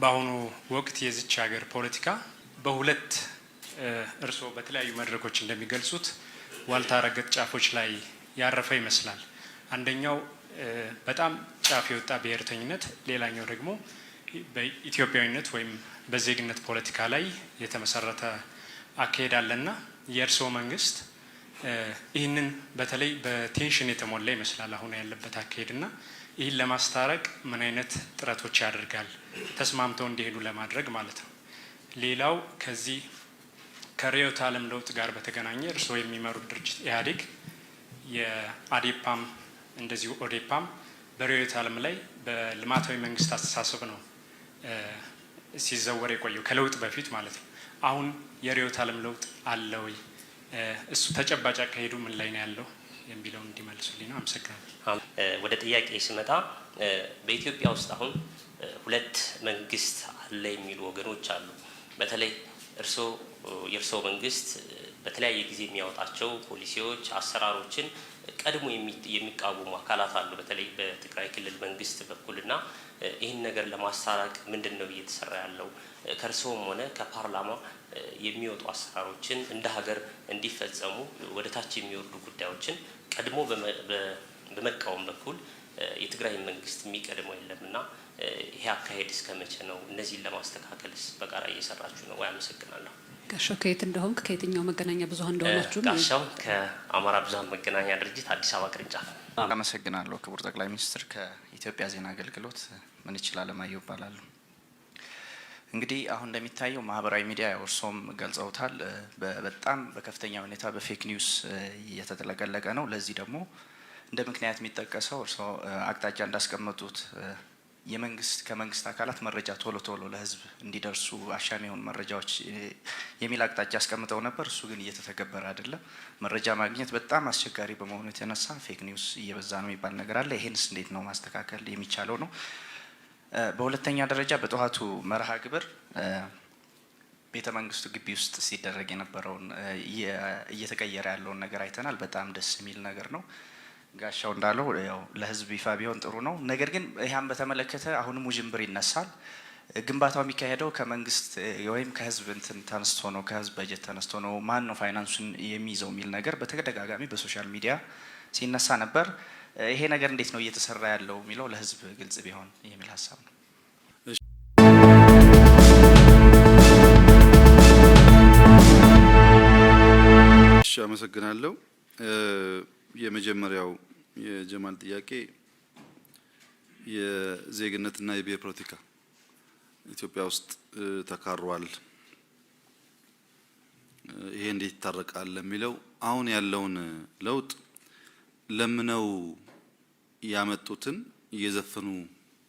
በአሁኑ ወቅት የዚች ሀገር ፖለቲካ በሁለት እርስዎ በተለያዩ መድረኮች እንደሚገልጹት ዋልታ ረገጥ ጫፎች ላይ ያረፈ ይመስላል። አንደኛው በጣም ጫፍ የወጣ ብሔርተኝነት፣ ሌላኛው ደግሞ በኢትዮጵያዊነት ወይም በዜግነት ፖለቲካ ላይ የተመሰረተ አካሄድ አለና የእርስዎ መንግስት ይህንን በተለይ በቴንሽን የተሞላ ይመስላል አሁን ያለበት አካሄድና ይህን ለማስታረቅ ምን አይነት ጥረቶች ያደርጋል? ተስማምተው እንዲሄዱ ለማድረግ ማለት ነው። ሌላው ከዚህ ከርዕዮተ ዓለም ለውጥ ጋር በተገናኘ እርስዎ የሚመሩት ድርጅት ኢህአዴግ የአዴፓም እንደዚሁ ኦዴፓም በርዕዮተ ዓለም ላይ በልማታዊ መንግስት አስተሳሰብ ነው ሲዘወር የቆየው ከለውጥ በፊት ማለት ነው። አሁን የርዕዮተ ዓለም ለውጥ አለ ወይ? እሱ ተጨባጭ አካሄዱ ምን ላይ ነው ያለው? የሚለውን እንዲመልሱልኝ ነው። አመሰግናለሁ። ወደ ጥያቄ ስመጣ በኢትዮጵያ ውስጥ አሁን ሁለት መንግስት አለ የሚሉ ወገኖች አሉ። በተለይ እርስዎ የእርስዎ መንግስት በተለያየ ጊዜ የሚያወጣቸው ፖሊሲዎች፣ አሰራሮችን ቀድሞ የሚቃወሙ አካላት አሉ፣ በተለይ በትግራይ ክልል መንግስት በኩልና ይህን ነገር ለማሳራቅ ምንድን ነው እየተሰራ ያለው? ከእርስዎም ሆነ ከፓርላማ የሚወጡ አሰራሮችን እንደ ሀገር እንዲፈጸሙ ወደ ታች የሚወርዱ ጉዳዮችን ቀድሞ በመቃወም በኩል የትግራይ መንግስት የሚቀድመው የለምና ይሄ አካሄድ እስከመቼ ነው? እነዚህን ለማስተካከልስ በጋራ እየሰራችሁ ነው ወይ? አመሰግናለሁ። ጋሻው ከየት እንደሆንክ ከየትኛው መገናኛ ብዙሀን እንደሆናችሁ? ጋሻው ከአማራ ብዙሀን መገናኛ ድርጅት አዲስ አበባ ቅርንጫፍ። አመሰግናለሁ ክቡር ጠቅላይ ሚኒስትር። ከኢትዮጵያ ዜና አገልግሎት ምን ይችል አለማየሁ ይባላሉ። እንግዲህ አሁን እንደሚታየው ማህበራዊ ሚዲያ እርሶም ገልጸውታል፣ በጣም በከፍተኛ ሁኔታ በፌክ ኒውስ እየተጠለቀለቀ ነው። ለዚህ ደግሞ እንደ ምክንያት የሚጠቀሰው እርሶ አቅጣጫ እንዳስቀመጡት የመንግስት ከመንግስት አካላት መረጃ ቶሎ ቶሎ ለህዝብ እንዲደርሱ አሻሚ የሆኑ መረጃዎች የሚል አቅጣጫ አስቀምጠው ነበር። እሱ ግን እየተተገበረ አይደለም። መረጃ ማግኘት በጣም አስቸጋሪ በመሆኑ የተነሳ ፌክ ኒውስ እየበዛ ነው የሚባል ነገር አለ። ይሄንስ እንዴት ነው ማስተካከል የሚቻለው ነው? በሁለተኛ ደረጃ በጠዋቱ መርሃ ግብር ቤተ መንግስቱ ግቢ ውስጥ ሲደረግ የነበረውን እየተቀየረ ያለውን ነገር አይተናል። በጣም ደስ የሚል ነገር ነው። ጋሻው እንዳለው ያው ለህዝብ ይፋ ቢሆን ጥሩ ነው። ነገር ግን ይህን በተመለከተ አሁንም ውዥንብር ይነሳል። ግንባታው የሚካሄደው ከመንግስት ወይም ከህዝብ እንትን ተነስቶ ነው፣ ከህዝብ በጀት ተነስቶ ነው፣ ማን ነው ፋይናንሱን የሚይዘው የሚል ነገር በተደጋጋሚ በሶሻል ሚዲያ ሲነሳ ነበር። ይሄ ነገር እንዴት ነው እየተሰራ ያለው የሚለው ለህዝብ ግልጽ ቢሆን የሚል ሀሳብ ነው። አመሰግናለሁ። የመጀመሪያው የጀማል ጥያቄ የዜግነትና የብሄር ፖለቲካ ኢትዮጵያ ውስጥ ተካሯል። ይሄ እንዴት ይታረቃል ለሚለው አሁን ያለውን ለውጥ ለምነው ያመጡትን እየዘፈኑ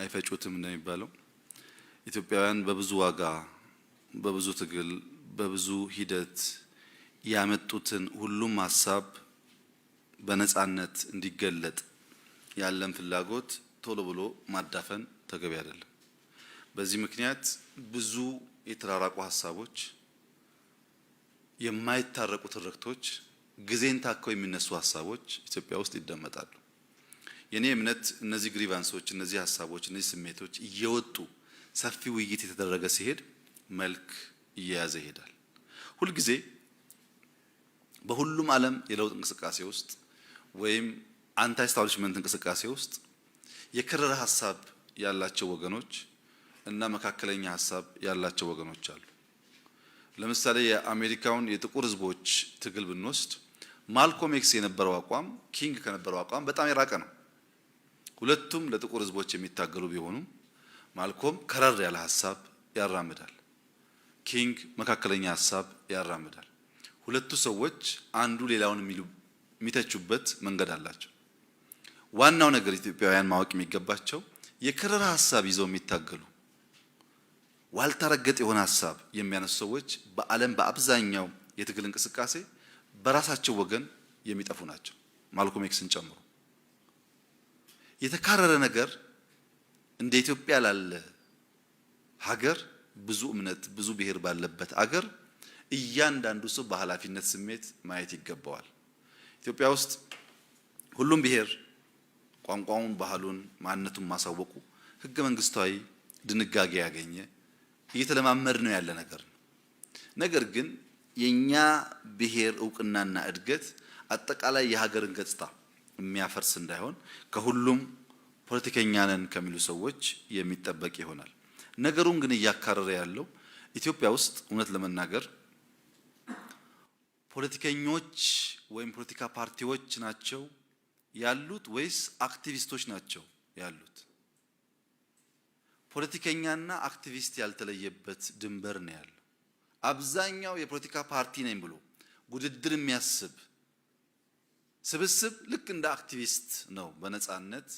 አይፈጩትም እንደሚባለው ኢትዮጵያውያን በብዙ ዋጋ፣ በብዙ ትግል፣ በብዙ ሂደት ያመጡትን ሁሉም ሀሳብ በነጻነት እንዲገለጥ ያለን ፍላጎት ቶሎ ብሎ ማዳፈን ተገቢ አይደለም። በዚህ ምክንያት ብዙ የተራራቁ ሀሳቦች፣ የማይታረቁ ትርክቶች፣ ጊዜን ታከው የሚነሱ ሀሳቦች ኢትዮጵያ ውስጥ ይደመጣሉ። የኔ እምነት እነዚህ ግሪቫንሶች፣ እነዚህ ሀሳቦች፣ እነዚህ ስሜቶች እየወጡ ሰፊ ውይይት የተደረገ ሲሄድ መልክ እየያዘ ይሄዳል። ሁልጊዜ በሁሉም ዓለም የለውጥ እንቅስቃሴ ውስጥ ወይም አንታይ ስታብሊሽመንት እንቅስቃሴ ውስጥ የከረረ ሀሳብ ያላቸው ወገኖች እና መካከለኛ ሀሳብ ያላቸው ወገኖች አሉ። ለምሳሌ የአሜሪካውን የጥቁር ህዝቦች ትግል ብንወስድ ማልኮም ኤክስ የነበረው አቋም ኪንግ ከነበረው አቋም በጣም የራቀ ነው። ሁለቱም ለጥቁር ህዝቦች የሚታገሉ ቢሆኑም ማልኮም ከረር ያለ ሀሳብ ያራምዳል፣ ኪንግ መካከለኛ ሀሳብ ያራምዳል። ሁለቱ ሰዎች አንዱ ሌላውን የሚሉ የሚተቹበት መንገድ አላቸው። ዋናው ነገር ኢትዮጵያውያን ማወቅ የሚገባቸው የከረረ ሀሳብ ይዘው የሚታገሉ ዋልታረገጥ የሆነ ሀሳብ የሚያነሱ ሰዎች በዓለም በአብዛኛው የትግል እንቅስቃሴ በራሳቸው ወገን የሚጠፉ ናቸው፣ ማልኮም ኤክስን ጨምሮ። የተካረረ ነገር እንደ ኢትዮጵያ ላለ ሀገር ብዙ እምነት ብዙ ብሔር ባለበት አገር እያንዳንዱ ሰው በኃላፊነት ስሜት ማየት ይገባዋል። ኢትዮጵያ ውስጥ ሁሉም ብሔር ቋንቋውን፣ ባህሉን፣ ማንነቱን ማሳወቁ ህገ መንግስታዊ ድንጋጌ ያገኘ እየተለማመድ ነው ያለ ነገር ነው። ነገር ግን የኛ ብሔር እውቅናና እድገት አጠቃላይ የሀገርን ገጽታ የሚያፈርስ እንዳይሆን ከሁሉም ፖለቲከኛ ነን ከሚሉ ሰዎች የሚጠበቅ ይሆናል። ነገሩን ግን እያካረረ ያለው ኢትዮጵያ ውስጥ እውነት ለመናገር ፖለቲከኞች ወይም ፖለቲካ ፓርቲዎች ናቸው ያሉት ወይስ አክቲቪስቶች ናቸው ያሉት? ፖለቲከኛና አክቲቪስት ያልተለየበት ድንበር ነው ያለው። አብዛኛው የፖለቲካ ፓርቲ ነኝ ብሎ ውድድር የሚያስብ ስብስብ ልክ እንደ አክቲቪስት ነው በነፃነት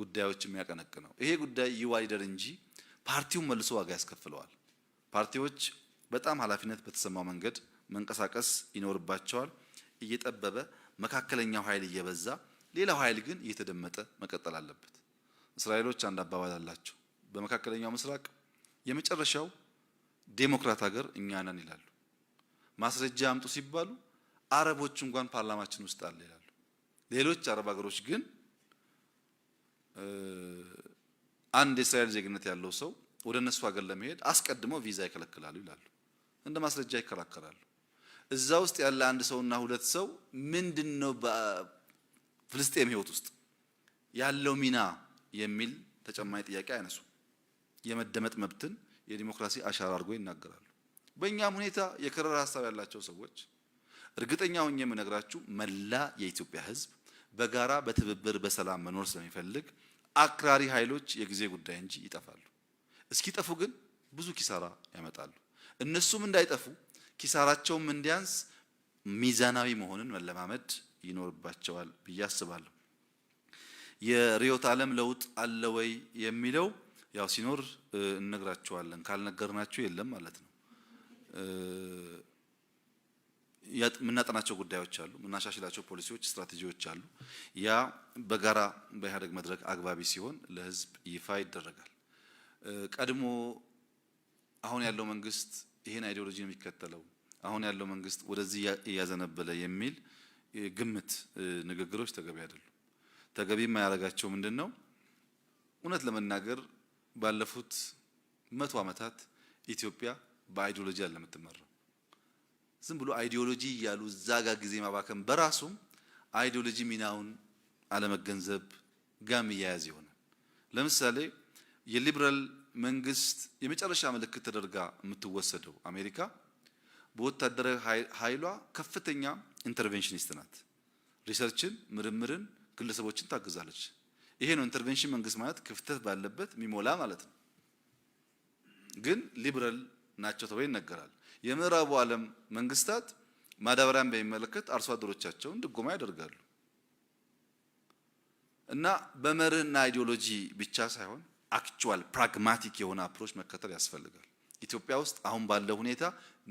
ጉዳዮች የሚያቀነቅነው። ይሄ ጉዳይ ይዋይደር እንጂ ፓርቲውን መልሶ ዋጋ ያስከፍለዋል። ፓርቲዎች በጣም ኃላፊነት በተሰማው መንገድ መንቀሳቀስ ይኖርባቸዋል። እየጠበበ መካከለኛው ኃይል እየበዛ ሌላው ኃይል ግን እየተደመጠ መቀጠል አለበት። እስራኤሎች አንድ አባባል አላቸው። በመካከለኛው ምስራቅ የመጨረሻው ዴሞክራት ሀገር እኛ ነን ይላሉ። ማስረጃ አምጡ ሲባሉ አረቦች እንኳን ፓርላማችን ውስጥ አለ ይላሉ። ሌሎች አረብ ሀገሮች ግን አንድ የእስራኤል ዜግነት ያለው ሰው ወደ እነሱ ሀገር ለመሄድ አስቀድመው ቪዛ ይከለክላሉ ይላሉ። እንደ ማስረጃ ይከራከራሉ። እዛ ውስጥ ያለ አንድ ሰውና ሁለት ሰው ምንድን ነው በፍልስጤም ህይወት ውስጥ ያለው ሚና የሚል ተጨማኝ ጥያቄ አይነሱም። የመደመጥ መብትን የዲሞክራሲ አሻራ አድርጎ ይናገራሉ። በእኛም ሁኔታ የከረረ ሀሳብ ያላቸው ሰዎች እርግጠኛ ሆኜ የምነግራችሁ መላ የኢትዮጵያ ህዝብ በጋራ በትብብር በሰላም መኖር ስለሚፈልግ አክራሪ ኃይሎች የጊዜ ጉዳይ እንጂ ይጠፋሉ። እስኪጠፉ ግን ብዙ ኪሳራ ያመጣሉ። እነሱም እንዳይጠፉ ኪሳራቸውም እንዲያንስ ሚዛናዊ መሆንን መለማመድ ይኖርባቸዋል ብዬ አስባለሁ። የርዕዮተ ዓለም ለውጥ አለ ወይ የሚለው ያው ሲኖር እንነግራቸዋለን ካልነገርናችሁ የለም ማለት ነው። የምናጠናቸው ጉዳዮች አሉ፣ የምናሻሽላቸው ፖሊሲዎች፣ ስትራቴጂዎች አሉ። ያ በጋራ በኢህአዴግ መድረክ አግባቢ ሲሆን ለህዝብ ይፋ ይደረጋል። ቀድሞ አሁን ያለው መንግስት ይሄን አይዲዮሎጂ ነው የሚከተለው አሁን ያለው መንግስት ወደዚህ እያዘነበለ የሚል ግምት ንግግሮች ተገቢ አይደሉም። ተገቢ የማያደርጋቸው ምንድን ነው? እውነት ለመናገር ባለፉት መቶ ዓመታት ኢትዮጵያ በአይዲዮሎጂ አለምትመራው ዝም ብሎ አይዲዮሎጂ እያሉ እዛ ጊዜ ማባከን በራሱም አይዲዮሎጂ ሚናውን አለመገንዘብ ጋም እያያዝ ይሆናል። ለምሳሌ የሊበራል መንግስት የመጨረሻ ምልክት ተደርጋ የምትወሰደው አሜሪካ በወታደራዊ ኃይሏ ከፍተኛ ኢንተርቬንሽኒስት ናት። ሪሰርችን፣ ምርምርን፣ ግለሰቦችን ታግዛለች። ይሄ ነው ኢንተርቬንሽን መንግስት ማለት ክፍተት ባለበት የሚሞላ ማለት ነው። ግን ሊበራል ናቸው ተብሎ ይነገራል። የምዕራቡ ዓለም መንግስታት ማዳበሪያን በሚመለከት አርሶ አደሮቻቸውን ድጎማ ያደርጋሉ እና በመርህና አይዲዮሎጂ ብቻ ሳይሆን አክቹዋል ፕራግማቲክ የሆነ አፕሮች መከተል ያስፈልጋል። ኢትዮጵያ ውስጥ አሁን ባለው ሁኔታ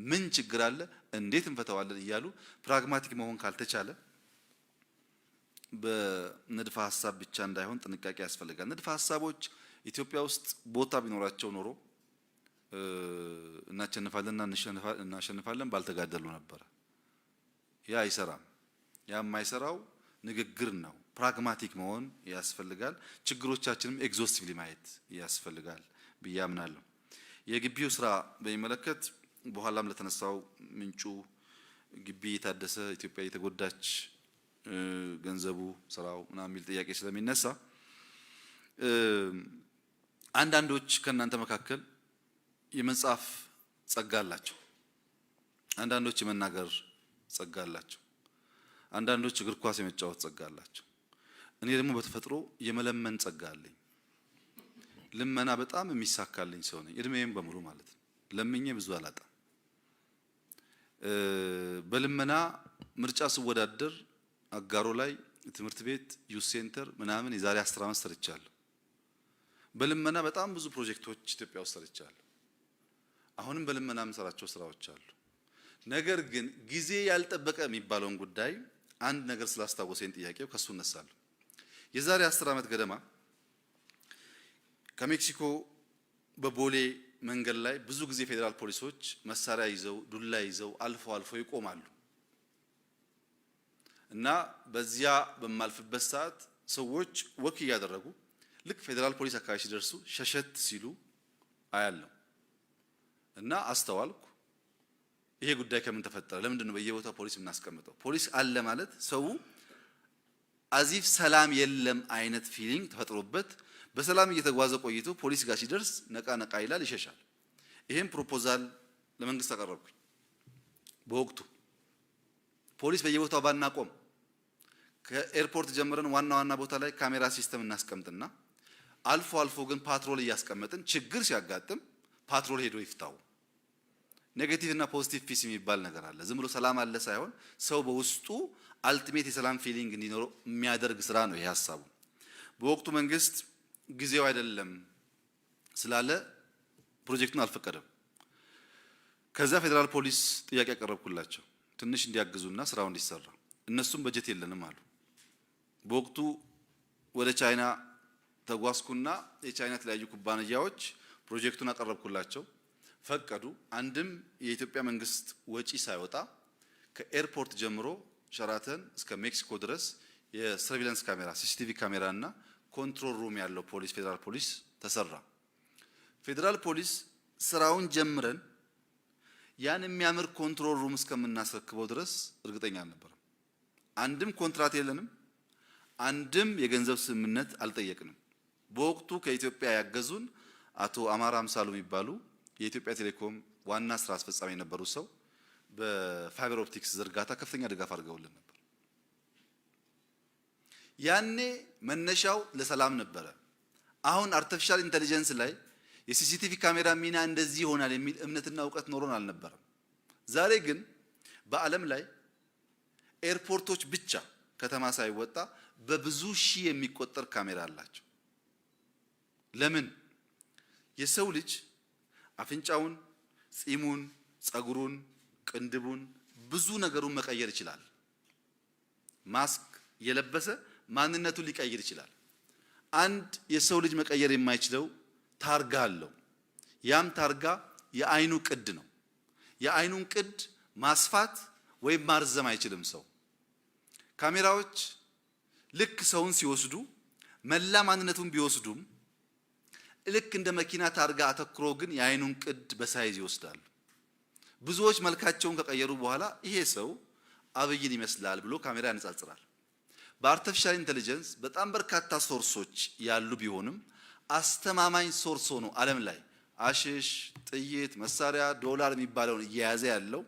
ምን ችግር አለ፣ እንዴት እንፈተዋለን እያሉ ፕራግማቲክ መሆን ካልተቻለ በንድፈ ሀሳብ ብቻ እንዳይሆን ጥንቃቄ ያስፈልጋል። ንድፈ ሀሳቦች ኢትዮጵያ ውስጥ ቦታ ቢኖራቸው ኖሮ እናቸንፋለን እናሸንፋለን ባልተጋደሉ ነበረ። ያ አይሰራም። ያ የማይሰራው ንግግር ነው። ፕራግማቲክ መሆን ያስፈልጋል። ችግሮቻችንም ኤግዞስቲቭሊ ማየት ያስፈልጋል ብዬ አምናለሁ። የግቢው ስራ በሚመለከት በኋላም ለተነሳው ምንጩ ግቢ የታደሰ ኢትዮጵያ የተጎዳች ገንዘቡ ስራው ምናምን የሚል ጥያቄ ስለሚነሳ አንዳንዶች ከእናንተ መካከል የመጻፍ ጸጋ አላቸው፣ አንዳንዶች የመናገር ጸጋ አላቸው፣ አንዳንዶች እግር ኳስ የመጫወት ጸጋ አላቸው። እኔ ደግሞ በተፈጥሮ የመለመን ጸጋ አለኝ። ልመና በጣም የሚሳካልኝ ሰው ነኝ፣ እድሜዬም በሙሉ ማለት ነው። ለምኜ ብዙ አላጣም። በልመና ምርጫ ስወዳደር አጋሮ ላይ ትምህርት ቤት ዩዝ ሴንተር ምናምን የዛሬ አስር ዓመት ሰርቻለሁ። በልመና በጣም ብዙ ፕሮጀክቶች ኢትዮጵያ ውስጥ ሰርቻለሁ። አሁንም በልመና የምሰራቸው ስራዎች አሉ። ነገር ግን ጊዜ ያልጠበቀ የሚባለውን ጉዳይ አንድ ነገር ስላስታወሰኝ ጥያቄው ከሱ እነሳለሁ። የዛሬ አስር ዓመት ገደማ ከሜክሲኮ በቦሌ መንገድ ላይ ብዙ ጊዜ ፌዴራል ፖሊሶች መሳሪያ ይዘው ዱላ ይዘው አልፎ አልፎ ይቆማሉ እና በዚያ በማልፍበት ሰዓት ሰዎች ወክ እያደረጉ ልክ ፌዴራል ፖሊስ አካባቢ ሲደርሱ ሸሸት ሲሉ አያለው እና አስተዋልኩ። ይሄ ጉዳይ ከምን ተፈጠረ? ለምንድን ነው በየቦታው ፖሊስ የምናስቀምጠው? ፖሊስ አለ ማለት ሰው አዚፍ ሰላም የለም አይነት ፊሊንግ ተፈጥሮበት በሰላም እየተጓዘ ቆይቶ ፖሊስ ጋር ሲደርስ ነቃ ነቃ ይላል፣ ይሸሻል። ይህም ፕሮፖዛል ለመንግስት አቀረብኩኝ። በወቅቱ ፖሊስ በየቦታው ባናቆም ከኤርፖርት ጀምረን ዋና ዋና ቦታ ላይ ካሜራ ሲስተም እናስቀምጥና አልፎ አልፎ ግን ፓትሮል እያስቀመጥን ችግር ሲያጋጥም ፓትሮል ሄዶ ይፍታው። ኔጌቲቭ እና ፖዚቲቭ ፒስ የሚባል ነገር አለ። ዝም ብሎ ሰላም አለ ሳይሆን ሰው በውስጡ አልቲሜት የሰላም ፊሊንግ እንዲኖረው የሚያደርግ ስራ ነው ይሄ ሀሳቡ። በወቅቱ መንግስት ጊዜው አይደለም ስላለ ፕሮጀክቱን አልፈቀደም። ከዛ ፌዴራል ፖሊስ ጥያቄ ያቀረብኩላቸው ትንሽ እንዲያግዙና ስራው እንዲሰራ፣ እነሱም በጀት የለንም አሉ። በወቅቱ ወደ ቻይና ተጓዝኩና የቻይና የተለያዩ ኩባንያዎች ፕሮጀክቱን አቀረብኩላቸው፣ ፈቀዱ። አንድም የኢትዮጵያ መንግስት ወጪ ሳይወጣ ከኤርፖርት ጀምሮ ሸራተን እስከ ሜክሲኮ ድረስ የሰርቪለንስ ካሜራ ሲሲቲቪ ካሜራ እና ኮንትሮል ሩም ያለው ፖሊስ ፌዴራል ፖሊስ ተሰራ። ፌዴራል ፖሊስ ስራውን ጀምረን ያን የሚያምር ኮንትሮል ሩም እስከምናስረክበው ድረስ እርግጠኛ አልነበረም። አንድም ኮንትራት የለንም፣ አንድም የገንዘብ ስምምነት አልጠየቅንም። በወቅቱ ከኢትዮጵያ ያገዙን አቶ አማራ አምሳሉ የሚባሉ የኢትዮጵያ ቴሌኮም ዋና ስራ አስፈጻሚ የነበሩ ሰው በፋይበር ኦፕቲክስ ዝርጋታ ከፍተኛ ድጋፍ አድርገውልን ነበር። ያኔ መነሻው ለሰላም ነበረ። አሁን አርቲፊሻል ኢንተሊጀንስ ላይ የሲሲቲቪ ካሜራ ሚና እንደዚህ ይሆናል የሚል እምነትና እውቀት ኖሮን አልነበረም። ዛሬ ግን በዓለም ላይ ኤርፖርቶች ብቻ ከተማ ሳይወጣ በብዙ ሺህ የሚቆጠር ካሜራ አላቸው። ለምን? የሰው ልጅ አፍንጫውን፣ ጺሙን፣ ጸጉሩን ቅንድቡን፣ ብዙ ነገሩን መቀየር ይችላል። ማስክ የለበሰ ማንነቱን ሊቀይር ይችላል። አንድ የሰው ልጅ መቀየር የማይችለው ታርጋ አለው። ያም ታርጋ የአይኑ ቅድ ነው። የአይኑን ቅድ ማስፋት ወይም ማርዘም አይችልም ሰው። ካሜራዎች ልክ ሰውን ሲወስዱ መላ ማንነቱን ቢወስዱም ልክ እንደ መኪና ታርጋ አተኩሮ ግን የአይኑን ቅድ በሳይዝ ይወስዳሉ። ብዙዎች መልካቸውን ከቀየሩ በኋላ ይሄ ሰው አብይን ይመስላል ብሎ ካሜራ ያነጻጽራል። በአርቲፊሻል ኢንቴሊጀንስ በጣም በርካታ ሶርሶች ያሉ ቢሆንም አስተማማኝ ሶርስ ሆኖ ዓለም ላይ አሽሽ፣ ጥይት፣ መሳሪያ፣ ዶላር የሚባለውን እየያዘ ያለው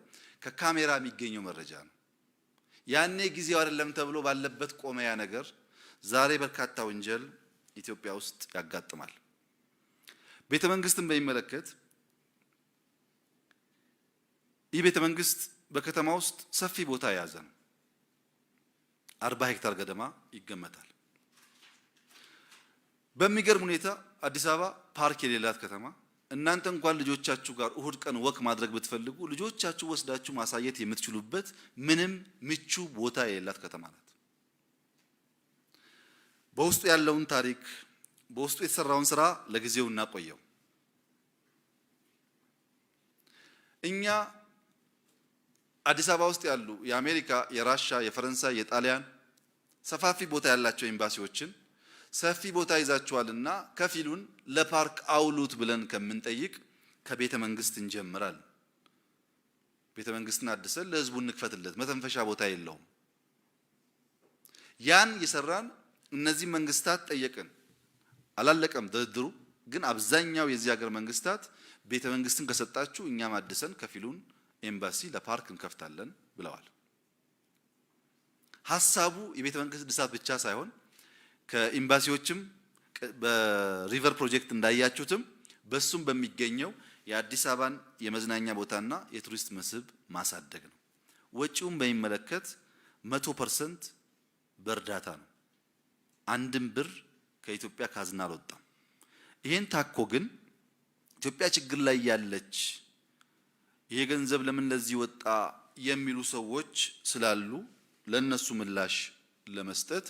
ከካሜራ የሚገኘው መረጃ ነው። ያኔ ጊዜው አይደለም ተብሎ ባለበት ቆመ ያ ነገር። ዛሬ በርካታ ወንጀል ኢትዮጵያ ውስጥ ያጋጥማል። ቤተ መንግስትን በሚመለከት ይህ ቤተ መንግስት በከተማ ውስጥ ሰፊ ቦታ የያዘ ነው። አርባ ሄክታር ገደማ ይገመታል። በሚገርም ሁኔታ አዲስ አበባ ፓርክ የሌላት ከተማ እናንተ እንኳን ልጆቻችሁ ጋር እሁድ ቀን ወክ ማድረግ ብትፈልጉ ልጆቻችሁ ወስዳችሁ ማሳየት የምትችሉበት ምንም ምቹ ቦታ የሌላት ከተማ ናት። በውስጡ ያለውን ታሪክ በውስጡ የተሰራውን ስራ ለጊዜው እናቆየው እኛ አዲስ አበባ ውስጥ ያሉ የአሜሪካ፣ የራሻ፣ የፈረንሳይ፣ የጣሊያን ሰፋፊ ቦታ ያላቸው ኤምባሲዎችን ሰፊ ቦታ ይዛችኋልና ከፊሉን ለፓርክ አውሉት ብለን ከምንጠይቅ ከቤተ መንግስት እንጀምራል። ቤተ መንግስትን አድሰን ለህዝቡ እንክፈትለት። መተንፈሻ ቦታ የለውም። ያን የሰራን እነዚህ መንግስታት ጠየቅን። አላለቀም ድርድሩ፣ ግን አብዛኛው የዚህ ሀገር መንግስታት ቤተ መንግስትን ከሰጣችሁ እኛም አድሰን ከፊሉን ኤምባሲ ለፓርክ እንከፍታለን ብለዋል። ሀሳቡ የቤተ መንግስት እድሳት ብቻ ሳይሆን ከኤምባሲዎችም በሪቨር ፕሮጀክት እንዳያችሁትም በሱም በሚገኘው የአዲስ አበባን የመዝናኛ ቦታና የቱሪስት መስህብ ማሳደግ ነው። ወጪውን በሚመለከት መቶ ፐርሰንት በእርዳታ ነው። አንድም ብር ከኢትዮጵያ ካዝና አልወጣም። ይህን ታኮ ግን ኢትዮጵያ ችግር ላይ ያለች ይሄ ገንዘብ ለምን ለዚህ ወጣ የሚሉ ሰዎች ስላሉ ለነሱ ምላሽ ለመስጠት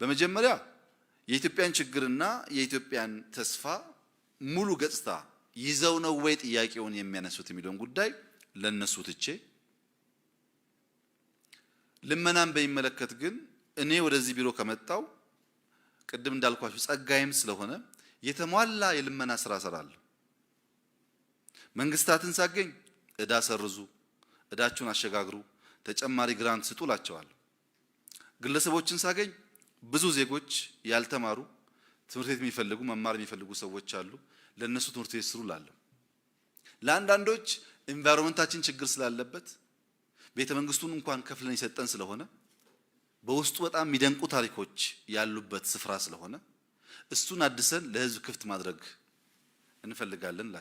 በመጀመሪያ የኢትዮጵያን ችግርና የኢትዮጵያን ተስፋ ሙሉ ገጽታ ይዘው ነው ወይ ጥያቄውን የሚያነሱት የሚለውን ጉዳይ ለነሱ ትቼ፣ ልመናን በሚመለከት ግን እኔ ወደዚህ ቢሮ ከመጣው ቅድም እንዳልኳችሁ ጸጋይም ስለሆነ የተሟላ የልመና ስራ እሰራለሁ። መንግስታትን ሳገኝ እዳ ሰርዙ፣ እዳችሁን አሸጋግሩ፣ ተጨማሪ ግራንት ስጡ ግለሰቦችን ሳገኝ ብዙ ዜጎች ያልተማሩ ትምህርት ቤት የሚፈልጉ መማር የሚፈልጉ ሰዎች አሉ። ለእነሱ ትምህርት ቤት ስሩ እላለሁ። ለአንዳንዶች ኢንቫይሮንመንታችን ችግር ስላለበት ቤተ መንግስቱን እንኳን ከፍለን የሰጠን ስለሆነ በውስጡ በጣም የሚደንቁ ታሪኮች ያሉበት ስፍራ ስለሆነ እሱን አድሰን ለህዝብ ክፍት ማድረግ እንፈልጋለን።